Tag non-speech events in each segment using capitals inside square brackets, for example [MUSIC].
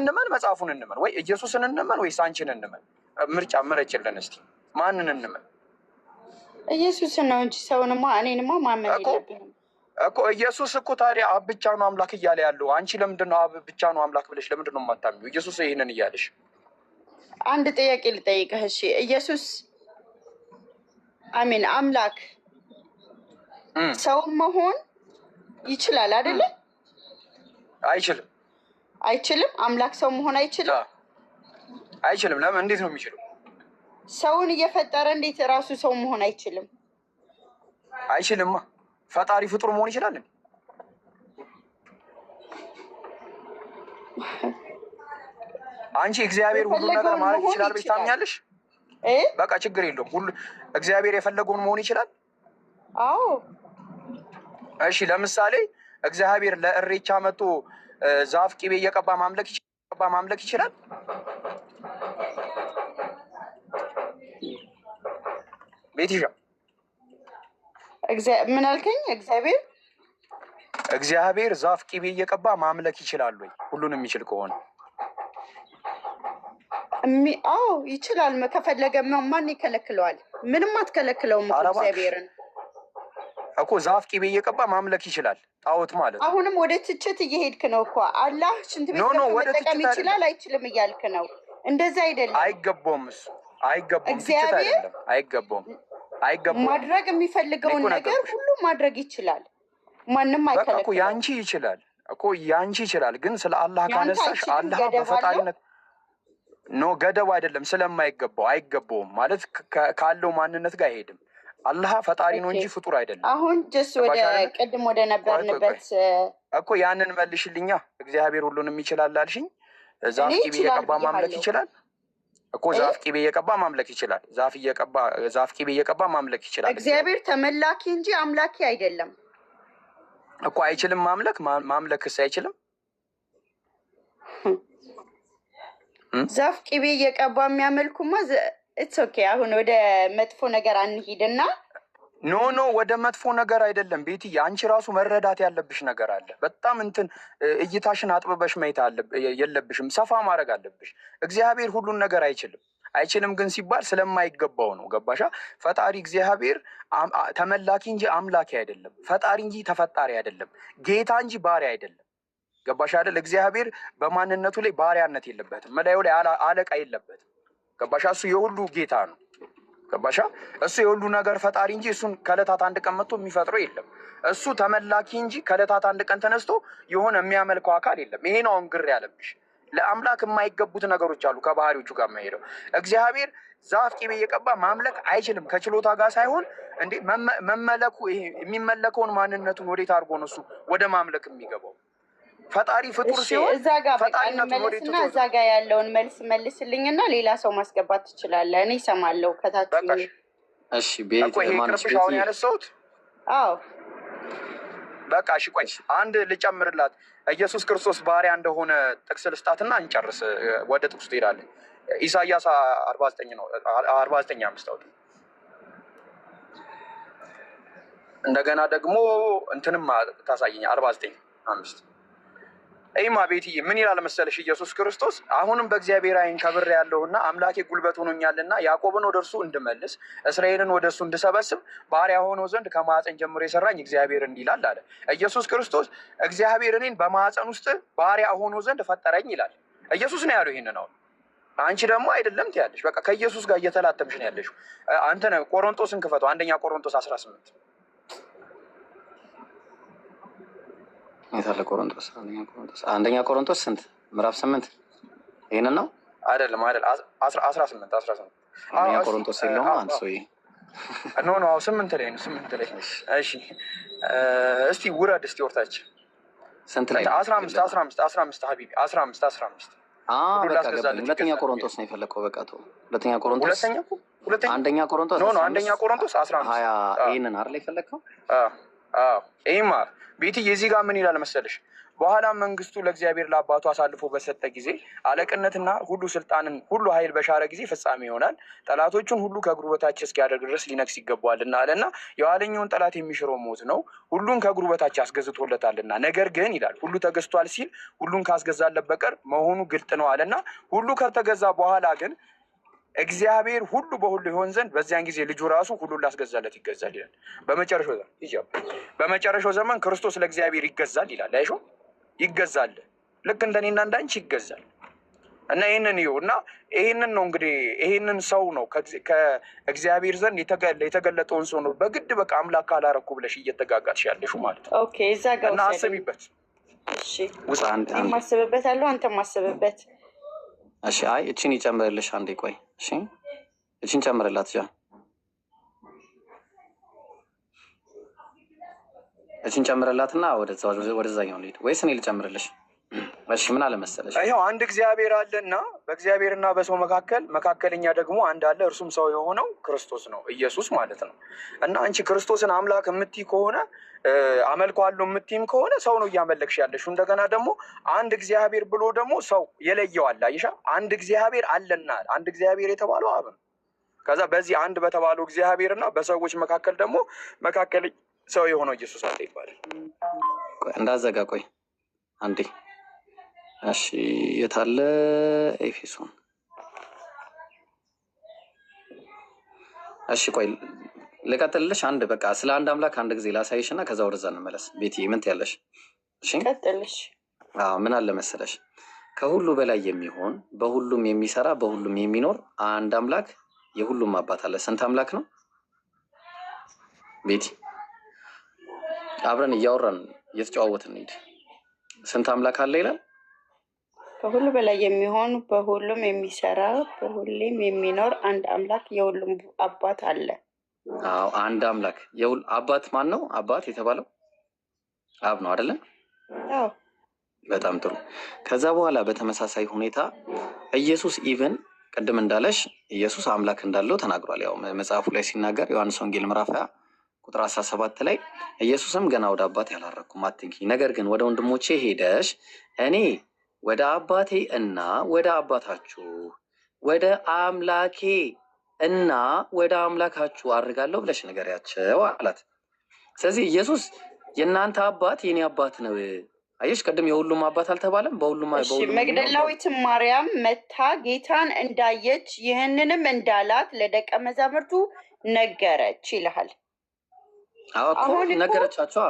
እንመን መጽሐፉን እንመን ወይ ኢየሱስን እንመን ወይስ አንቺን እንመን? ምርጫ ምረጭልን እስቲ ማንን እንመን? ኢየሱስን ነው እንጂ ሰውንማ እኔንማ ማመን የለብንም እኮ። ኢየሱስ እኮ ታዲያ አብ ብቻ ነው አምላክ እያለ ያለው አንቺ ለምንድን ነው አብ ብቻ ነው አምላክ ብለሽ ለምንድን ነው የማታምኚው? ኢየሱስ ይህንን እያለሽ። አንድ ጥያቄ ልጠይቅህ እሺ። ኢየሱስ አሜን አምላክ ሰው መሆን ይችላል አይደለ? አይችልም አይችልም። አምላክ ሰው መሆን አይችልም። አይችልም። ለምን? እንዴት ነው የሚችለው? ሰውን እየፈጠረ እንዴት እራሱ ሰው መሆን አይችልም? አይችልም። ፈጣሪ ፍጡር መሆን ይችላል። አንቺ እግዚአብሔር ሁሉ ነገር ማለት ይችላል ብለሽ ታምኛለሽ? በቃ ችግር የለውም። ሁሉ እግዚአብሔር የፈለገውን መሆን ይችላል። አዎ። እሺ፣ ለምሳሌ እግዚአብሔር ለእሬቻ መጥቶ ዛፍ ቂቤ እየቀባ ማምለክ ይቀባ ማምለክ ይችላል? ቤቲሻ ምን አልከኝ? እግዚአብሔር እግዚአብሔር ዛፍ ቂቤ እየቀባ ማምለክ ይችላል ወይ? ሁሉን የሚችል ከሆነ አዎ ይችላል። ከፈለገ ማን ይከለክለዋል? ምንም አትከለክለውም እግዚአብሔርን እኮ ዛፍ ቂቤ እየቀባ ማምለክ ይችላል። ጣዖት ማለት ነው። አሁንም ወደ ትችት እየሄድክ ነው እኮ አላህ ሽንት ቤት መጠቀም ይችላል አይችልም እያልክ ነው። እንደዛ አይደለም። አይገባውም፣ እሱ አይገባውም። እግዚአብሔር አይደለም፣ አይገባውም፣ አይገባውም። ማድረግ የሚፈልገውን ነገር ሁሉም ማድረግ ይችላል። ማንም አይከለክልም። ያንቺ ይችላል እኮ ያንቺ ይችላል። ግን ስለ አላህ ካነሳሽ አላህ በፈጣሪነት ኖ ገደብ አይደለም ስለማይገባው አይገባውም ማለት ካለው ማንነት ጋር አይሄድም። አላህ ፈጣሪ ነው እንጂ ፍጡር አይደለም። አሁን ጀስ ወደ ቅድም ወደ ነበርንበት እኮ ያንን መልሽልኛ። እግዚአብሔር ሁሉንም ይችላል አልሽኝ። ዛፍ ቂቤ እየቀባ ማምለክ ይችላል እኮ ዛፍ ቂቤ እየቀባ ማምለክ ይችላል። ዛፍ እየቀባ ዛፍ ቂቤ እየቀባ ማምለክ ይችላል። እግዚአብሔር ተመላኪ እንጂ አምላኪ አይደለም እኮ አይችልም። ማምለክ ማምለክስ አይችልም። ዛፍ ቂቤ እየቀባ የሚያመልኩማ ኢትስ ኦኬ። አሁን ወደ መጥፎ ነገር አንሂድና ኖ ኖ ወደ መጥፎ ነገር አይደለም። ቤትዬ አንቺ ራሱ መረዳት ያለብሽ ነገር አለ። በጣም እንትን እይታሽን አጥብበሽ ማየት የለብሽም። ሰፋ ማድረግ አለብሽ። እግዚአብሔር ሁሉን ነገር አይችልም። አይችልም ግን ሲባል ስለማይገባው ነው። ገባሻ? ፈጣሪ እግዚአብሔር ተመላኪ እንጂ አምላኪ አይደለም። ፈጣሪ እንጂ ተፈጣሪ አይደለም። ጌታ እንጂ ባሪያ አይደለም። ገባሻ አይደል? እግዚአብሔር በማንነቱ ላይ ባሪያነት የለበትም። መላዩ ላይ አለቃ የለበትም። ገባሻ? እሱ የሁሉ ጌታ ነው። ገባሻ? እሱ የሁሉ ነገር ፈጣሪ እንጂ እሱን ከለታት አንድ ቀን መጥቶ የሚፈጥረው የለም። እሱ ተመላኪ እንጂ ከለታት አንድ ቀን ተነስቶ የሆነ የሚያመልከው አካል የለም። ይሄ ነው አሁን ግር ያለብሽ። ለአምላክ የማይገቡት ነገሮች አሉ። ከባህሪዎቹ ጋር መሄደው እግዚአብሔር ዛፍ ቂቤ እየቀባ ማምለክ አይችልም። ከችሎታ ጋር ሳይሆን እንዴ መመለኩ ይሄ የሚመለከውን ማንነቱን ወዴት አድርጎ ነው እሱ ወደ ማምለክ የሚገባው? ፈጣሪ ፍጡር ሲሆን እዛ ፈጣሪነቱና እዛ ጋ ያለውን መልስ መልስልኝና ሌላ ሰው ማስገባት ትችላለ። እኔ ይሰማለው ከታች ቅርብሽ አሁን ያነሳሁት በቃ እሺ፣ ቆይ አንድ ልጨምርላት። ኢየሱስ ክርስቶስ ባሪያ እንደሆነ ጥቅስ ልስጣትና እንጨርስ፣ ወደ ጥቅሱ ትሄዳለን። ኢሳያስ አርባ ዘጠኝ ነው አርባ ዘጠኝ አምስት አውጥ እንደገና ደግሞ እንትንም ታሳየኝ አርባ ዘጠኝ አምስት ይማ ቤትዬ ምን ይላል መሰለሽ ኢየሱስ ክርስቶስ አሁንም በእግዚአብሔር ዓይን ከብር ያለውና አምላኬ ጉልበት ሆኖኛልና ያዕቆብን ወደ እርሱ እንድመልስ እስራኤልን ወደ እርሱ እንድሰበስብ ባሪያ ሆኖ ዘንድ ከማዕፀን ጀምሮ የሰራኝ እግዚአብሔር እንዲላል አለ ኢየሱስ ክርስቶስ። እግዚአብሔር እኔን በማዕፀን ውስጥ ባሪያ ሆኖ ዘንድ ፈጠረኝ ይላል ኢየሱስ ነው ያለው። ይህን ነው አንቺ ደግሞ አይደለም ትያለሽ። በቃ ከኢየሱስ ጋር እየተላተምሽ ነው ያለሽ። አንተ ነው ቆሮንቶስን ክፈተው አንደኛ ቆሮንቶስ አስራ ስምንት የት አለ ቆሮንቶስ? አንደኛ ቆሮንቶስ ስንት ምዕራፍ ስምንት ይህንን ነው አይደለም? አይደለም አስራ ስምንት አስራ ስምንት አንደኛ ቆሮንቶስ የለውም አንድ ሰው ኖ ኖ ስምንት ላይ ነው ስምንት ላይ እሺ እስቲ ውረድ እስቲ ወርታች ስንት ላይ አስራ አምስት አስራ አምስት አስራ አምስት ሀቢቢ አስራ አምስት አስራ አምስት ሁለተኛ ቆሮንቶስ ነው የፈለከው በቃ ተወው ሁለተኛ ቆሮንቶስ አንደኛ ቆሮንቶስ ኖ ኖ አንደኛ ቆሮንቶስ አስራ አምስት ይህንን አይደል የፈለከው ይህም አይደል ቤቲ የዚህ ጋር ምን ይላል መሰለሽ? በኋላ መንግስቱ ለእግዚአብሔር ለአባቱ አሳልፎ በሰጠ ጊዜ አለቅነትና ሁሉ ስልጣንን ሁሉ ኃይል በሻረ ጊዜ ፍጻሜ ይሆናል። ጠላቶቹን ሁሉ ከእግሩ በታች እስኪያደርግ ድረስ ሊነግስ ይገባዋልና አለና የኋለኛውን ጠላት የሚሽረው ሞት ነው። ሁሉን ከእግሩ በታች አስገዝቶለታልና። ነገር ግን ይላል ሁሉ ተገዝቷል ሲል ሁሉን ካስገዛለት በቀር መሆኑ ግልጥ ነው አለና ሁሉ ከተገዛ በኋላ ግን እግዚአብሔር ሁሉ በሁሉ ይሆን ዘንድ በዚያን ጊዜ ልጁ ራሱ ሁሉን ላስገዛለት ይገዛል ይላል። በመጨረሻው ዘመን ይ በመጨረሻው ዘመን ክርስቶስ ለእግዚአብሔር ይገዛል ይላል። አይሾ ይገዛል፣ ልክ እንደኔና እንዳንቺ ይገዛል። እና ይህንን ይኸው እና ይህንን ነው እንግዲህ ይህንን ሰው ነው ከእግዚአብሔር ዘንድ የተገለጠውን ሰው ነው በግድ በቃ አምላክ ካላረኩ ብለሽ እየተጋጋጥሽ ያለሽው ማለት ነው። እና አስቢበት። ውስጥ አንተ ማስብበት አለው አንተ ማስብበት እሺ አይ እቺን ይጨምርልሽ። አንዴ ቆይ። እሺ እቺን ጨምርላት። ጃ እቺን ጨምርላትና ወደዛኛው ልሂድ ወይስ እኔ ልጨምርልሽ? እሺ ምን አለ መሰለሽ፣ ይኸው አንድ እግዚአብሔር አለና በእግዚአብሔርና በሰው መካከል መካከለኛ ደግሞ አንድ አለ፣ እርሱም ሰው የሆነው ክርስቶስ ነው፣ ኢየሱስ ማለት ነው። እና አንቺ ክርስቶስን አምላክ የምትይ ከሆነ አመልከዋለሁ የምትይም ከሆነ ሰው ነው እያመለክሽ ያለሽው። እንደገና ደግሞ አንድ እግዚአብሔር ብሎ ደግሞ ሰው የለየዋል። አይሻ አንድ እግዚአብሔር አለና አንድ እግዚአብሔር የተባለው አብ ነው። ከዛ በዚህ አንድ በተባለው እግዚአብሔርና በሰዎች መካከል ደግሞ መካከል ሰው የሆነው ኢየሱስ አለ ይባላል። እንዳዘጋ ቆይ አንዴ እሺ የታለ ኤፌሶን? እሺ ቆይ ልቀጥልልሽ። አንድ በቃ ስለ አንድ አምላክ አንድ ጊዜ ላሳይሽ እና ከዛ ወደዛ እንመለስ። ቤት ምንት ያለሽ ቀጥልሽ። ምን አለ መሰለሽ ከሁሉ በላይ የሚሆን በሁሉም የሚሰራ በሁሉም የሚኖር አንድ አምላክ የሁሉም አባት አለ። ስንት አምላክ ነው? ቤቲ አብረን እያወራን እየተጨዋወትን እንሂድ። ስንት አምላክ አለ ይላል ከሁሉ በላይ የሚሆን በሁሉም የሚሰራ በሁሌም የሚኖር አንድ አምላክ የሁሉም አባት አለ። አዎ አንድ አምላክ አባት ማን ነው? አባት የተባለው አብ ነው አይደለም? አዎ በጣም ጥሩ። ከዛ በኋላ በተመሳሳይ ሁኔታ ኢየሱስ ኢቨን ቅድም እንዳለሽ ኢየሱስ አምላክ እንዳለው ተናግሯል። ያው መጽሐፉ ላይ ሲናገር ዮሐንስ ወንጌል ምዕራፍ ሀያ ቁጥር አስራ ሰባት ላይ ኢየሱስም ገና ወደ አባት ያላረኩም አትንኪ፣ ነገር ግን ወደ ወንድሞቼ ሄደሽ እኔ ወደ አባቴ እና ወደ አባታችሁ ወደ አምላኬ እና ወደ አምላካችሁ አድርጋለሁ ብለሽ ንገሪያቸው አላት። ስለዚህ ኢየሱስ የእናንተ አባት የኔ አባት ነው። አየሽ፣ ቅድም የሁሉም አባት አልተባለም። በሁሉም መግደላዊት ማርያም መታ ጌታን እንዳየች ይህንንም እንዳላት ለደቀ መዛሙርቱ ነገረች ይልሃል። አሁን ነገረቻቸዋ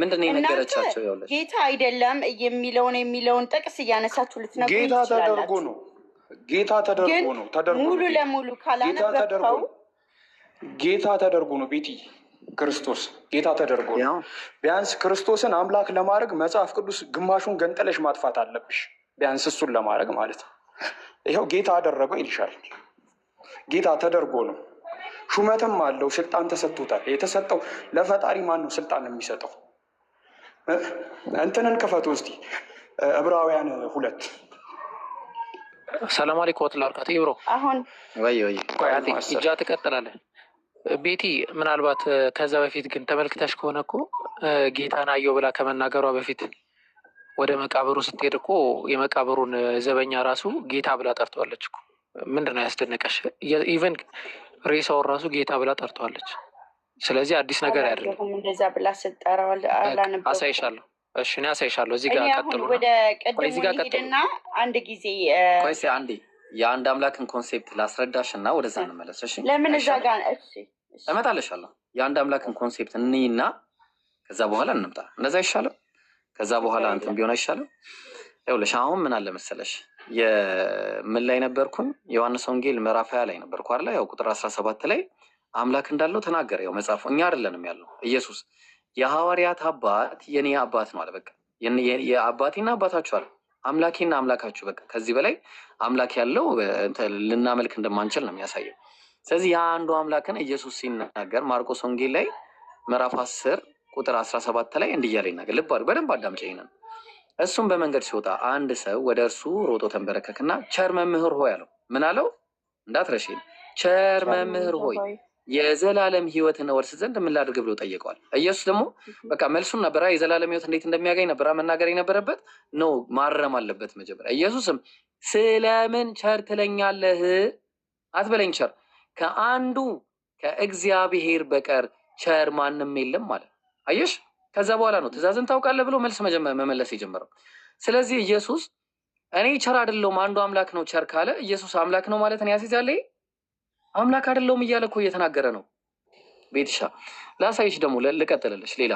ምንድን ነው የነገረቻቸው? ያለች ጌታ አይደለም የሚለውን የሚለውን ጥቅስ እያነሳችሁ ልትነግሩ ጌታ ተደርጎ ነው ጌታ ተደርጎ ነው ተደርጎ ሙሉ ለሙሉ ካላነበብከው ጌታ ተደርጎ ነው ቤቲ ክርስቶስ ጌታ ተደርጎ ነው። ቢያንስ ክርስቶስን አምላክ ለማድረግ መጽሐፍ ቅዱስ ግማሹን ገንጠለሽ ማጥፋት አለብሽ። ቢያንስ እሱን ለማድረግ ማለት ነው። ይኸው ጌታ አደረገው ይልሻል። ጌታ ተደርጎ ነው። ሹመትም አለው፣ ስልጣን ተሰጥቶታል። የተሰጠው ለፈጣሪ ማን ነው ስልጣን የሚሰጠው? እንትንን ክፈቱ እስቲ ዕብራውያን ሁለት ሰላም አለይኩም ወትላ ካቴ ይብሮ አሁን ወይ ወይ ቆያቴ እጃ ትቀጥላለህ። ቤቲ ምናልባት ከዛ በፊት ግን ተመልክተሽ ከሆነ እኮ ጌታን አየው ብላ ከመናገሯ በፊት ወደ መቃብሩ ስትሄድ እኮ የመቃብሩን ዘበኛ ራሱ ጌታ ብላ ጠርተዋለች እኮ። ምንድን ነው ያስደነቀሽ? ኢቨን ሬሳውን ራሱ ጌታ ብላ ጠርተዋለች። ስለዚህ አዲስ ነገር አይደለም። እንደዛ ብላ ስጠራው አሳይሻለሁ። እሺ እኔ አሳይሻለሁ። እዚህ ጋር ቀጥሉ፣ እዚህ ጋር ቀጥሉ። አንድ ጊዜ ቆይሴ አንዴ የአንድ አምላክን ኮንሴፕት ላስረዳሽ እና ወደዛ እንመለስ። እሺ ለምን እዛ ጋር እሺ እመጣልሻለሁ። የአንድ አምላክን ኮንሴፕት እንይና ከዛ በኋላ እንምጣ። እንደዛ አይሻልም? ከዛ በኋላ እንትን ቢሆን አይሻልም? ይኸውልሽ አሁን ምን አለ መሰለሽ የምን ላይ ነበርኩኝ? ዮሐንስ ወንጌል ምዕራፍ ሀያ ላይ ነበርኩ አለ ያው ቁጥር አስራ ሰባት ላይ አምላክ እንዳለው ተናገረ። ያው መጽሐፉ እኛ አይደለንም ያለው ኢየሱስ የሐዋርያት አባት የኔ አባት ነው አለ። በቃ የአባቴና አባታችሁ አለ፣ አምላኬና አምላካችሁ። በቃ ከዚህ በላይ አምላክ ያለው ልናመልክ እንደማንችል ነው የሚያሳየው። ስለዚህ የአንዱ አምላክን ኢየሱስ ሲናገር ማርቆስ ወንጌል ላይ ምዕራፍ አስር ቁጥር አስራ ሰባት ላይ እንዲህ እያለ ይናገር። ልብ አድርጉ፣ በደንብ አዳምጪ ይሄንን። እሱም በመንገድ ሲወጣ አንድ ሰው ወደ እርሱ ሮጦ ተንበረከክና ቸር መምህር ሆይ አለው። ምን አለው? እንዳትረሽ ቸር መምህር ሆይ የዘላለም ሕይወትን ወርስ ዘንድ ምን ላድርግ ብሎ ጠይቀዋል። ኢየሱስ ደግሞ በቃ መልሱን ነበራ የዘላለም ህይወት እንዴት እንደሚያገኝ ነበራ መናገር የነበረበት ነው፣ ማረም አለበት መጀመሪያ። ኢየሱስም ስለምን ቸር ትለኛለህ አትበለኝ፣ ቸር ከአንዱ ከእግዚአብሔር በቀር ቸር ማንም የለም ማለት አየሽ፣ ከዛ በኋላ ነው ትእዛዝን ታውቃለህ ብሎ መልስ መመለስ የጀመረው። ስለዚህ ኢየሱስ እኔ ቸር አይደለሁም አንዱ አምላክ ነው ቸር ካለ ኢየሱስ አምላክ ነው ማለት ነው ያስይዛል። አምላክ አይደለውም እያለ እኮ እየተናገረ ነው። ቤትሻ ላሳይሽ ደግሞ ልቀጥልልሽ። ሌላ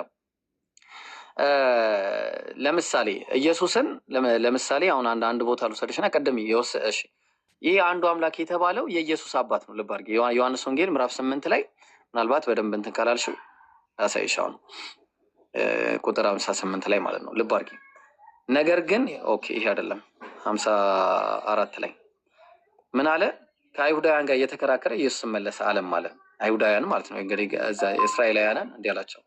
ለምሳሌ ኢየሱስን ለምሳሌ አሁን አንድ አንድ ቦታ ልውሰድሽና ቀደም የወስ ይህ አንዱ አምላክ የተባለው የኢየሱስ አባት ነው። ልብ አድርጊ። ዮሐንስ ወንጌል ምዕራፍ ስምንት ላይ ምናልባት በደንብ እንትን ካላልሽው ላሳይሽ አሁን ቁጥር ሀምሳ ስምንት ላይ ማለት ነው። ልብ አድርጊ። ነገር ግን ኦኬ ይሄ አይደለም ሀምሳ አራት ላይ ምን አለ? ከአይሁዳውያን ጋር እየተከራከረ ኢየሱስ መለሰ አለም ማለት ነው። አይሁዳውያን ማለት ነው እንግዲህ እስራኤላውያንን እንዲህ አላቸው፣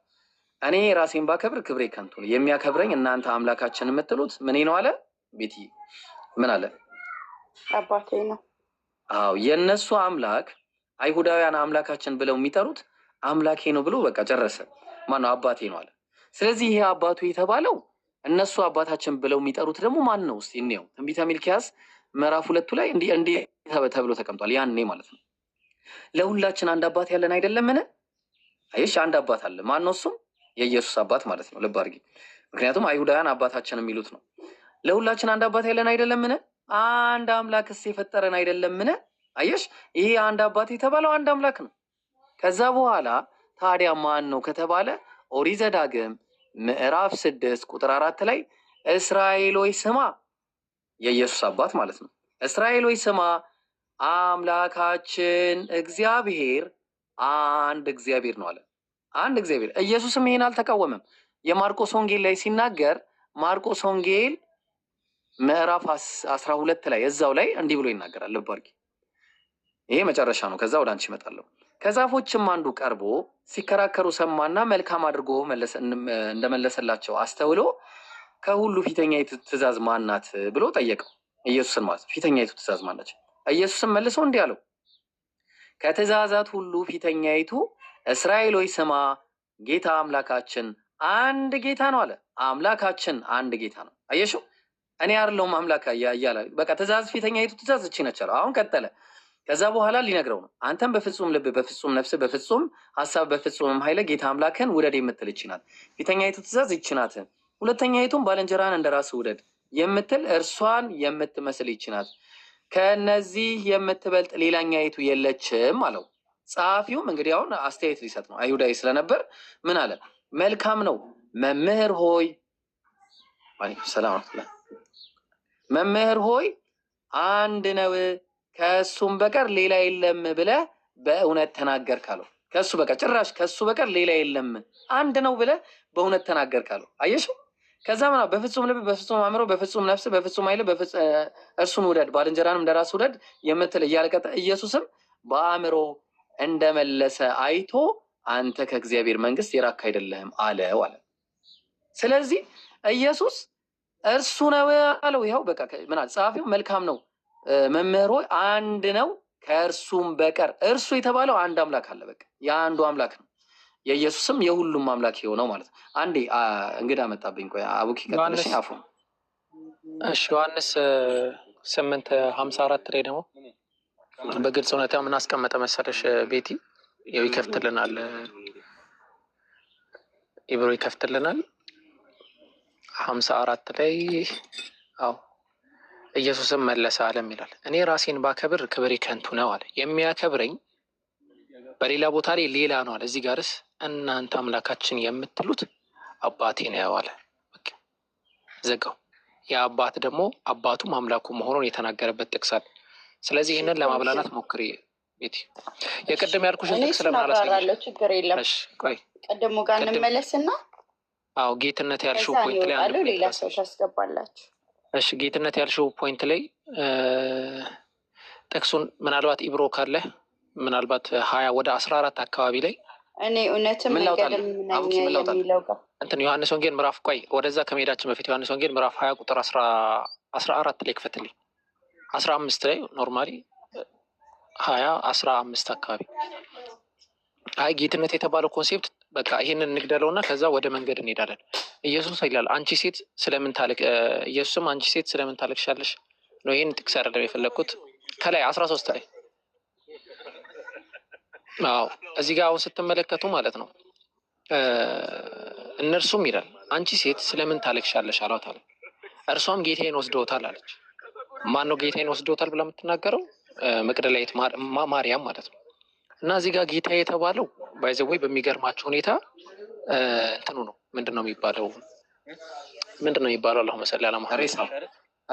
እኔ ራሴን ባከብር ክብሬ ከንቱ ነው፣ የሚያከብረኝ እናንተ አምላካችን የምትሉት ምን ነው አለ። ቤቲ ምን አለ? አባቴ ነው። አዎ የእነሱ አምላክ አይሁዳውያን አምላካችን ብለው የሚጠሩት አምላኬ ነው ብሎ በቃ ጨረሰ። ማነው? አባቴ ነው አለ። ስለዚህ ይሄ አባቱ የተባለው እነሱ አባታችን ብለው የሚጠሩት ደግሞ ማን ነው? እስኪ እንየው ትንቢተ ሚልኪያስ ምዕራፍ ሁለቱ ላይ እንዲህ እንዲህ ተብሎ ተቀምጧል። ያኔ ማለት ነው ለሁላችን አንድ አባት ያለን አይደለምን? አይሽ አንድ አባት አለ። ማነው እሱም? የኢየሱስ አባት ማለት ነው። ልብ አድርጊ። ምክንያቱም አይሁዳውያን አባታችን የሚሉት ነው። ለሁላችን አንድ አባት ያለን አይደለምን? አንድ አምላክስ የፈጠረን አይደለምን? አየሽ፣ ይሄ አንድ አባት የተባለው አንድ አምላክ ነው። ከዛ በኋላ ታዲያ ማን ነው ከተባለ ኦሪት ዘዳግም ምዕራፍ ስድስት ቁጥር አራት ላይ እስራኤል ሆይ ስማ የኢየሱስ አባት ማለት ነው። እስራኤል ወይ ስማ፣ አምላካችን እግዚአብሔር አንድ እግዚአብሔር ነው አለ። አንድ እግዚአብሔር። ኢየሱስም ይሄን አልተቃወመም። የማርቆስ ወንጌል ላይ ሲናገር ማርቆስ ወንጌል ምዕራፍ አስራ ሁለት ላይ እዛው ላይ እንዲህ ብሎ ይናገራል። ልብ አድርጊ። ይሄ መጨረሻ ነው። ከዛ ወደ አንቺ ይመጣለሁ። ከዛፎችም አንዱ ቀርቦ ሲከራከሩ ሰማና መልካም አድርጎ እንደመለሰላቸው አስተውሎ ከሁሉ ፊተኛይቱ ትእዛዝ ማናት ብሎ ጠየቀው። ኢየሱስን ማለት ነው። ፊተኛይቱ ትእዛዝ ማናት? ኢየሱስን መልሶ እንዲህ አለው፣ ከትእዛዛት ሁሉ ፊተኛይቱ እስራኤል ሆይ ስማ፣ ጌታ አምላካችን አንድ ጌታ ነው አለ። አምላካችን አንድ ጌታ ነው። አየሽው፣ እኔ አይደለሁም አምላክ እያለ በቃ ትእዛዝ፣ ፊተኛይቱ ትእዛዝ እቺ ነች አለው። አሁን ቀጠለ። ከዛ በኋላ ሊነግረው ነው። አንተም በፍጹም ልብ፣ በፍጹም ነፍስ፣ በፍጹም ሀሳብ፣ በፍጹምም ኃይለ ጌታ አምላክን ውደድ የምትል እቺ ናት። ፊተኛይቱ ትእዛዝ እቺ ናት። ሁለተኛይቱም ባልንጀራን እንደ ራስ ውደድ የምትል እርሷን የምትመስል ይች ከነዚህ የምትበልጥ የምትበልጥ ሌላኛይቱ የለችም አለው። ጸሐፊውም እንግዲህ አሁን አስተያየት ሊሰጥ ነው፣ አይሁዳዊ ስለነበር ምን አለ? መልካም ነው መምህር ሆይ ሰላም መምህር ሆይ አንድ ነው ከእሱም በቀር ሌላ የለም ብለ በእውነት ተናገርክ አለው። ከእሱ በቀር ጭራሽ ከእሱ በቀር ሌላ የለም አንድ ነው ብለ በእውነት ተናገርክ አለው። አየሽው ከዛ ምና በፍጹም ልብ በፍጹም አእምሮ በፍጹም ነፍስ በፍጹም ኃይል እርሱን ውደድ ባልንጀራንም እንደ ራስ ውደድ የምትል እያለቀጠ ኢየሱስም በአእምሮ እንደመለሰ አይቶ አንተ ከእግዚአብሔር መንግስት የራክ አይደለህም አለው አለ። ስለዚህ ኢየሱስ እርሱ ነው ያለው። ይኸው በቃ ምና ጸሐፊው መልካም ነው መምህሮ አንድ ነው ከእርሱም በቀር እርሱ የተባለው አንድ አምላክ አለ። በቃ የአንዱ አምላክ ነው። የኢየሱስም የሁሉም አምላክ የሆነው ማለት ነው። አንዴ እንግዳ መጣብኝ። ቆይ አቡኪ ቀጥለሽ አፉ እሺ። ዮሐንስ ስምንት ሀምሳ አራት ላይ ደግሞ በግልጽ እውነት ምን አስቀመጠ መሰለሽ ቤቲ? ያው ይከፍትልናል፣ ኢብሮ ይከፍትልናል። ሀምሳ አራት ላይ አዎ ኢየሱስም መለሰ አለም ይላል፣ እኔ ራሴን ባከብር ክብሬ ከንቱ ነው አለ። የሚያከብረኝ በሌላ ቦታ ላይ ሌላ ነው አለ። እዚህ ጋርስ እናንተ አምላካችን የምትሉት አባቴ ነው ያዋለ ዘጋው። የአባት ደግሞ አባቱም አምላኩ መሆኑን የተናገረበት ጥቅሳል። ስለዚህ ይህንን ለማብላላት ሞክሪ ቤቲ። የቅድም ያልኩሽን ጥቅስ ለምናላሳለ ችግር የለም። ቅድሙ ጋር እንመለስና አዎ ጌትነት ያልሽው ፖይንት ላይ አንዱ ሌላ ሰው ታስገባላችሁ። እሺ ጌትነት ያልሽው ፖይንት ላይ ጥቅሱን ምናልባት ኢብሮ ካለ ምናልባት ሀያ ወደ አስራ አራት አካባቢ ላይ እኔ እውነትም የሚለው እንትን ዮሐንስ ወንጌል ምዕራፍ ቆይ ወደዛ ከመሄዳችን በፊት ዮሐንስ ወንጌል ምዕራፍ ሀያ ቁጥር አስራ አራት ላይ ክፈትልኝ። አስራ አምስት ላይ ኖርማሊ ሀያ አስራ አምስት አካባቢ አይ ጌትነት የተባለው ኮንሴፕት በቃ ይህንን እንግደለው እንግደለውና ከዛ ወደ መንገድ እንሄዳለን። ኢየሱስ ይላል አንቺ ሴት ስለምን ታለቅ ኢየሱስም አንቺ ሴት ስለምን ታለቅሻለሽ ነው። ይህን ጥቅስ አይደለም የፈለግኩት ከላይ አስራ ሶስት ላይ አዎ እዚህ ጋር አሁን ስትመለከቱ ማለት ነው። እነርሱም ይላል አንቺ ሴት ስለምን ታለቅሻለሽ አሏት አለ። እርሷም ጌታዬን ወስዶታል አለች። ማን ነው ጌታዬን ወስዶታል ብላ የምትናገረው? መቅደላዊት ማርያም ማለት ነው። እና እዚህ ጋር ጌታ የተባለው ባይዘወይ በሚገርማቸው ሁኔታ እንትኑ ነው ምንድን ነው የሚባለው? ምንድን ነው የሚባለው? አላሁ መሰላ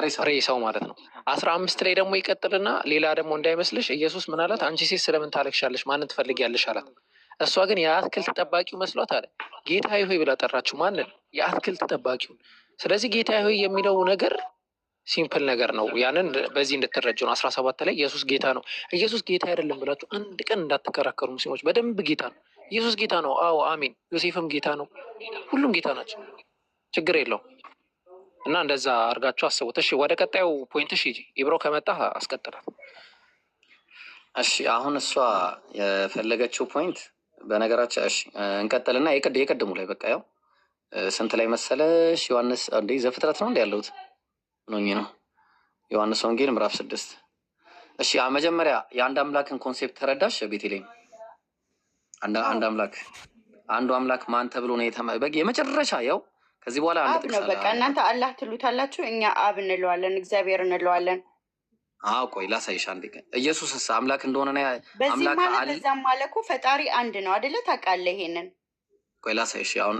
ሬሳው ማለት ነው። አስራ አምስት ላይ ደግሞ ይቀጥልና ሌላ ደግሞ እንዳይመስልሽ ኢየሱስ ምን አላት? አንቺ ሴት ስለምን ታለቅሻለሽ? ማንን ትፈልጊያለሽ አላት። እሷ ግን የአትክልት ጠባቂው መስሏት አለ ጌታ ሆይ ብላ ጠራችው። ማንን? የአትክልት ጠባቂውን። ስለዚህ ጌታ ሆይ የሚለው ነገር ሲምፕል ነገር ነው። ያንን በዚህ እንድትረጅ ነው። አስራ ሰባት ላይ ኢየሱስ ጌታ ነው። ኢየሱስ ጌታ አይደለም ብላችሁ አንድ ቀን እንዳትከራከሩ ሙስሊሞች። በደንብ ጌታ ነው። ኢየሱስ ጌታ ነው። አዎ አሜን። ዮሴፍም ጌታ ነው። ሁሉም ጌታ ናቸው። ችግር የለውም። እና እንደዛ አድርጋችሁ አስቡት። እሺ ወደ ቀጣዩ ፖይንት እሺ፣ ኢብሮ ከመጣ አስቀጥላል። እሺ አሁን እሷ የፈለገችው ፖይንት በነገራችን እሺ፣ እንቀጥልና የቅድ የቅድሙ ላይ በቃ ያው ስንት ላይ መሰለሽ ዮሐንስ እንዴ ዘፍጥረት ነው እንዲ ያለሁት ኖኝ ነው ዮሐንስ ወንጌል ምዕራፍ ስድስት እሺ መጀመሪያ የአንድ አምላክን ኮንሴፕት ተረዳሽ ቤቴሌም አንድ አምላክ አንዱ አምላክ ማን ተብሎ ነው የመጨረሻ ያው ከዚህ በኋላ አብ ነው በቃ። እናንተ አላህ ትሉታላችሁ፣ እኛ አብ እንለዋለን፣ እግዚአብሔር እንለዋለን። አዎ ቆይ ላሳይሽ አንዴ። ኢየሱስ ስ አምላክ እንደሆነ ነው። በዚህ ማለት በዛም ማለኩ ፈጣሪ አንድ ነው አደለ? ታውቃለህ? ይሄንን ቆይ ላሳይሽ። አሁን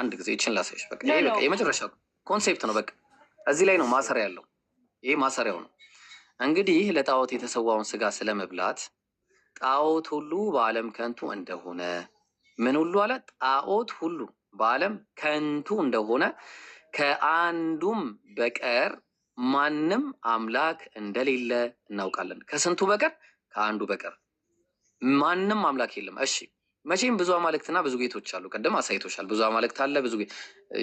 አንድ ጊዜ ይችን ላሳይሽ። በቃ የመጨረሻ ኮንሴፕት ነው በቃ። እዚህ ላይ ነው ማሰሪያ ያለው። ይሄ ማሰሪያው ነው። እንግዲህ ለጣዖት የተሰዋውን ስጋ ስለመብላት ጣዖት ሁሉ በዓለም ከንቱ እንደሆነ ምን ሁሉ አለ ጣዖት ሁሉ በዓለም ከንቱ እንደሆነ ከአንዱም በቀር ማንም አምላክ እንደሌለ እናውቃለን። ከስንቱ በቀር? ከአንዱ በቀር ማንም አምላክ የለም። እሺ መቼም ብዙ አማልክትና ብዙ ጌቶች አሉ። ቅድም አሳይቶሻል። ብዙ አማልክት አለ። ብዙ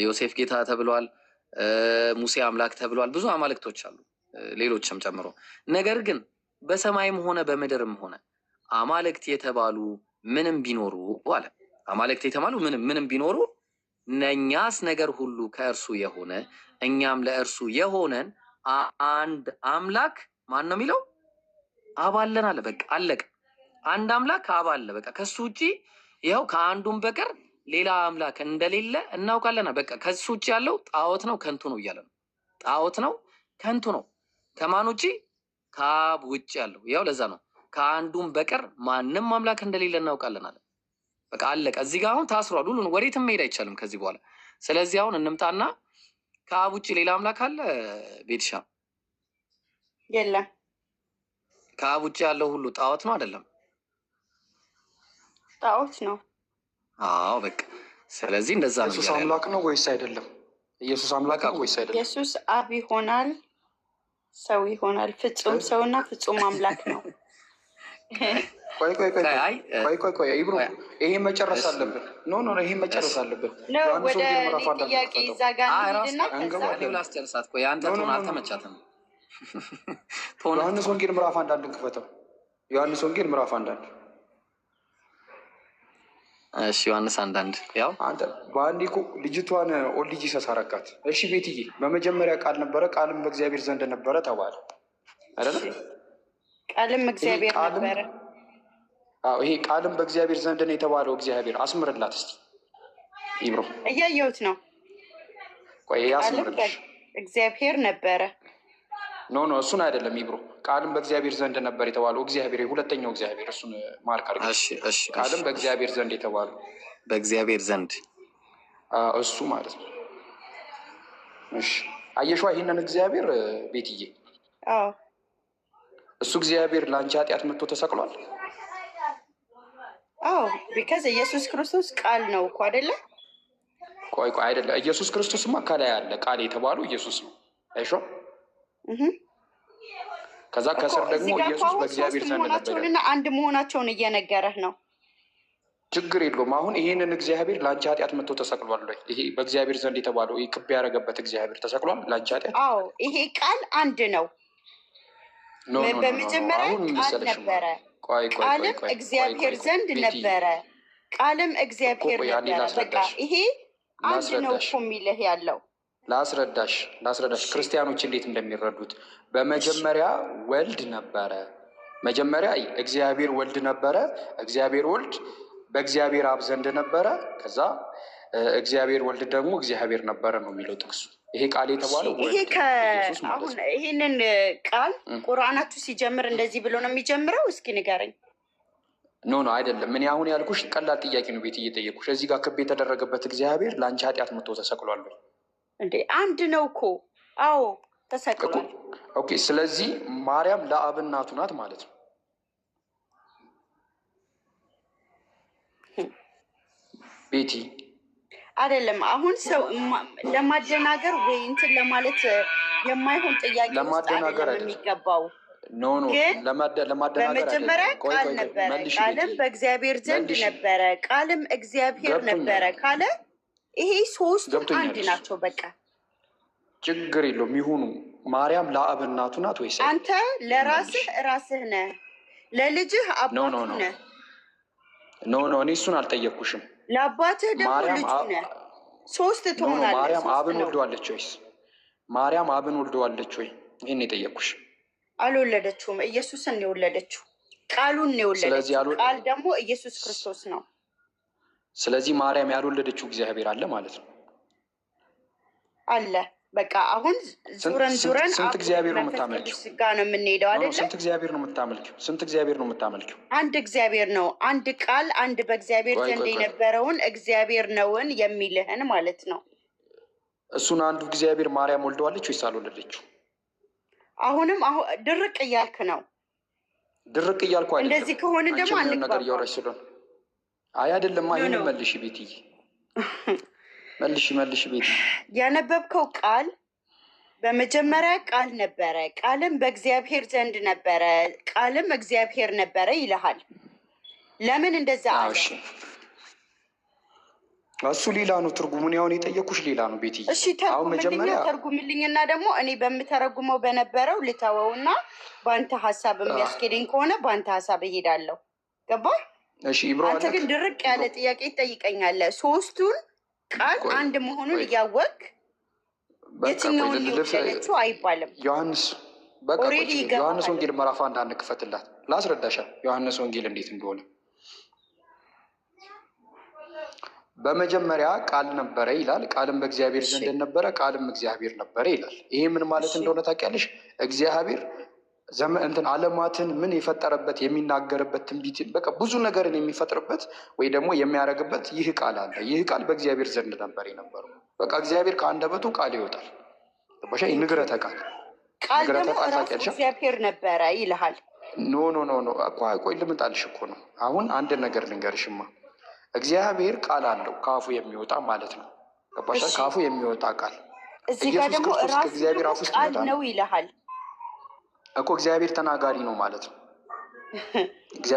ዮሴፍ ጌታ ተብሏል። ሙሴ አምላክ ተብሏል። ብዙ አማልክቶች አሉ፣ ሌሎችም ጨምሮ። ነገር ግን በሰማይም ሆነ በምድርም ሆነ አማልክት የተባሉ ምንም ቢኖሩ አለ አማልክት የተባሉ ምንም ምንም ቢኖሩ ነኛስ ነገር ሁሉ ከእርሱ የሆነ እኛም ለእርሱ የሆነን አንድ አምላክ ማን ነው የሚለው? አብ አለን አለ። በቃ አለቀ። አንድ አምላክ አብ አለ። በቃ ከሱ ውጭ ይኸው ከአንዱም በቀር ሌላ አምላክ እንደሌለ እናውቃለና በቃ ከሱ ውጭ ያለው ጣዖት ነው ከንቱ ነው እያለ ነው። ጣዖት ነው ከንቱ ነው። ከማን ውጭ? ከአብ ውጭ ያለው ያው ለዛ ነው ከአንዱም በቀር ማንም አምላክ እንደሌለ እናውቃለን አለ። በቃ አለቀ። እዚህ ጋር አሁን ታስሯል። ሁሉን ወዴትም መሄድ አይቻልም ከዚህ በኋላ። ስለዚህ አሁን እንምጣና ከአብ ውጭ ሌላ አምላክ አለ ቤትሻ? የለም። ከአብ ውጭ ያለው ሁሉ ጣዖት ነው አይደለም? ጣዖት ነው። አዎ በቃ ስለዚህ እንደዛ ነው። ኢየሱስ አምላክ ነው ወይስ አይደለም? ኢየሱስ አምላክ ነው ወይስ አይደለም? ኢየሱስ አብ ይሆናል፣ ሰው ይሆናል። ፍጹም ሰውና ፍጹም አምላክ ነው። [LAUGHS] ቆይ ቆይ ቆይ ቆይ ቆይ ቆይ ኢብሮ ይሄ መጨረስ አለብን። ኖ ኖ ይሄ መጨረስ አለብን። ወደ ጥያቄ እዛ ጋር ላስጨርሳት። ቆይ አንተ ቶን አልተመቻትም። [LAUGHS] ዮሐንስ ወንጌል ምዕራፍ አንዳንድ እንክፈተው። ዮሐንስ ወንጌል ምዕራፍ አንዳንድ እሺ፣ ዮሐንስ አንዳንድ ያው አንተ በአንዴ እኮ ልጅቷን ኦልጂ ሰሳረካት። እሺ ቤትዬ፣ በመጀመሪያ ቃል ነበረ፣ ቃልም በእግዚአብሔር ዘንድ ነበረ ተባለ አይደለ? ቃልም እግዚአብሔር ነበረ ይሄ ቃልም በእግዚአብሔር ዘንድ ነው የተባለው። እግዚአብሔር አስምርላት እስቲ ይብሮ እያየሁት ነው። ቆይ አስምርልሽ። እግዚአብሔር ነበረ። ኖ ኖ እሱን አይደለም ይብሮ። ቃልም በእግዚአብሔር ዘንድ ነበር የተባለው እግዚአብሔር፣ ሁለተኛው እግዚአብሔር። እሱን ማርክ አድርገው። ቃልም በእግዚአብሔር ዘንድ የተባለው በእግዚአብሔር ዘንድ እሱ ማለት ነው። እሺ አየሿ ይህንን እግዚአብሔር ቤትዬ፣ እሱ እግዚአብሔር ለአንቺ ኃጢአት መጥቶ ተሰቅሏል። አዎ ቢካዝ ኢየሱስ ክርስቶስ ቃል ነው እኮ አይደለ? ቆይ ቆይ አይደለ? ኢየሱስ ክርስቶስማ ከላይ አለ። ቃል የተባለው ኢየሱስ ነው አይሾ ከዛ ከስር ደግሞ ኢየሱስ በእግዚአብሔር ዘንድ መሆናቸውንና አንድ መሆናቸውን እየነገረህ ነው። ችግር የለውም። አሁን ይህንን እግዚአብሔር ለአንቺ ኃጢአት መጥቶ ተሰቅሏል ወይ? ይሄ በእግዚአብሔር ዘንድ የተባለው ይህ ክብ ያደረገበት እግዚአብሔር ተሰቅሏል ለአንቺ ኃጢአት? አዎ ይሄ ቃል አንድ ነው። በመጀመሪያ ቃል ነበረ ቃልም እግዚአብሔር ዘንድ ነበረ፣ ቃልም እግዚአብሔር ነበረ። በቃ ይሄ አንድ ነው እኮ የሚልህ ያለው ላስረዳሽ ላስረዳሽ ክርስቲያኖች እንዴት እንደሚረዱት በመጀመሪያ ወልድ ነበረ። መጀመሪያ እግዚአብሔር ወልድ ነበረ። እግዚአብሔር ወልድ በእግዚአብሔር አብ ዘንድ ነበረ። ከዛ እግዚአብሔር ወልድ ደግሞ እግዚአብሔር ነበረ ነው የሚለው ጥቅሱ። ይሄ ቃል የተባለው አሁን ይህንን ቃል ቁርአናቱ ሲጀምር እንደዚህ ብሎ ነው የሚጀምረው? እስኪ ንገረኝ። ኖ ኖ አይደለም። እኔ አሁን ያልኩሽ ቀላል ጥያቄ ነው፣ ቤት እየጠየቁሽ እዚህ ጋር ክብ የተደረገበት እግዚአብሔር ለአንቺ ኃጢአት መቶ ተሰቅሏል እንዴ? አንድ ነው እኮ አዎ፣ ተሰቅሏል። ኦኬ። ስለዚህ ማርያም ለአብ እናቱ ናት ማለት ነው። ቤቲ አይደለም። አሁን ሰው ለማደናገር ወይ እንትን ለማለት የማይሆን ጥያቄ ውስጥ አይደለም የሚገባው። ግን በመጀመሪያ ቃል ነበረ፣ ቃልም በእግዚአብሔር ዘንድ ነበረ፣ ቃልም እግዚአብሔር ነበረ ካለ ይሄ ሶስቱ አንድ ናቸው። በቃ ችግር የለውም ይሁኑ። ማርያም ለአብ እናቱ ናት ወይስ አንተ ለራስህ ራስህ ነህ? ለልጅህ አባቱ ነህ? ኖ ኖ ኖ፣ እኔ እሱን አልጠየቅኩሽም። ለአባትህ ደግሞ ልጅ ነ ሶስት ትሆናለህ። ማርያም አብን ወልደዋለች ወይስ ማርያም አብን ወልደዋለች ወይ? ይህን የጠየቅኩሽ። አልወለደችውም። ኢየሱስን ነው የወለደችው። ቃሉን ነው የወለደችው። ቃል ደግሞ ኢየሱስ ክርስቶስ ነው። ስለዚህ ማርያም ያልወለደችው እግዚአብሔር አለ ማለት ነው አለ በቃ አሁን ዙረን ዙረን ስንት እግዚአብሔር ነው የምታመልኪው? ጋ ነው የምንሄደው አይደለ? ስንት እግዚአብሔር ነው የምታመልኪው? ስንት እግዚአብሔር ነው የምታመልኪው? አንድ እግዚአብሔር ነው። አንድ ቃል፣ አንድ በእግዚአብሔር ዘንድ የነበረውን እግዚአብሔር ነውን የሚልህን ማለት ነው። እሱን አንዱ እግዚአብሔር ማርያም ወልደዋለች ወይስ አልወለደችው? አሁንም አሁን ድርቅ እያልክ ነው። ድርቅ እያልኩ አይደለም። እንደዚህ ከሆነ ደግሞ አንድ ነገር እያወራች ስለሆነ አይ አይደለማ። ይህን መልሽ ቤትዬ [LAUGHS] መልሽ መልሽ። ቤት ያነበብከው ቃል በመጀመሪያ ቃል ነበረ፣ ቃልም በእግዚአብሔር ዘንድ ነበረ፣ ቃልም እግዚአብሔር ነበረ ይልሃል። ለምን እንደዛ አለ? እሱ ሌላ ነው ትርጉሙን ያሁን የጠየኩሽ ሌላ ነው ቤት። እሺ ተርጉምልኛ፣ ተርጉምልኝና ደግሞ እኔ በምተረጉመው በነበረው ልተወውና በአንተ ሀሳብ የሚያስኬደኝ ከሆነ በአንተ ሀሳብ እሄዳለሁ። ገባ? አንተ ግን ድርቅ ያለ ጥያቄ ይጠይቀኛለ ሶስቱን ቃል አንድ መሆኑን እያወቅ የትኛውን ሊወሸለችው አይባልም። ዮሐንስ ዮሐንስ ወንጌል ምዕራፍ አንድ አንድ ክፈትላት ላስረዳሻ ዮሐንስ ወንጌል እንዴት እንደሆነ በመጀመሪያ ቃል ነበረ ይላል። ቃልም በእግዚአብሔር ዘንድ ነበረ፣ ቃልም እግዚአብሔር ነበረ ይላል። ይሄ ምን ማለት እንደሆነ ታውቂያለሽ? እግዚአብሔር እንትን አለማትን ምን የፈጠረበት የሚናገርበት ትንቢት በቃ ብዙ ነገርን የሚፈጥርበት ወይ ደግሞ የሚያደርግበት ይህ ቃል አለ። ይህ ቃል በእግዚአብሔር ዘንድ ነበር የነበረው። በቃ እግዚአብሔር ከአንደበቱ ቃል ይወጣል። ባሻ ንግረተ ቃል ቃል ደግሞ ራሱ እግዚአብሔር ነበረ ይልሃል። ኖ ኖ ኖ ኖ ቆይ ልምጣልሽ እኮ ነው። አሁን አንድ ነገር ልንገርሽማ እግዚአብሔር ቃል አለው ከአፉ የሚወጣ ማለት ነው። ገባሻ? ከአፉ የሚወጣ ቃል እዚህ ጋር ደግሞ ራሱ ቃል ነው ይልሃል እኮ እግዚአብሔር ተናጋሪ ነው ማለት ነው። [LAUGHS]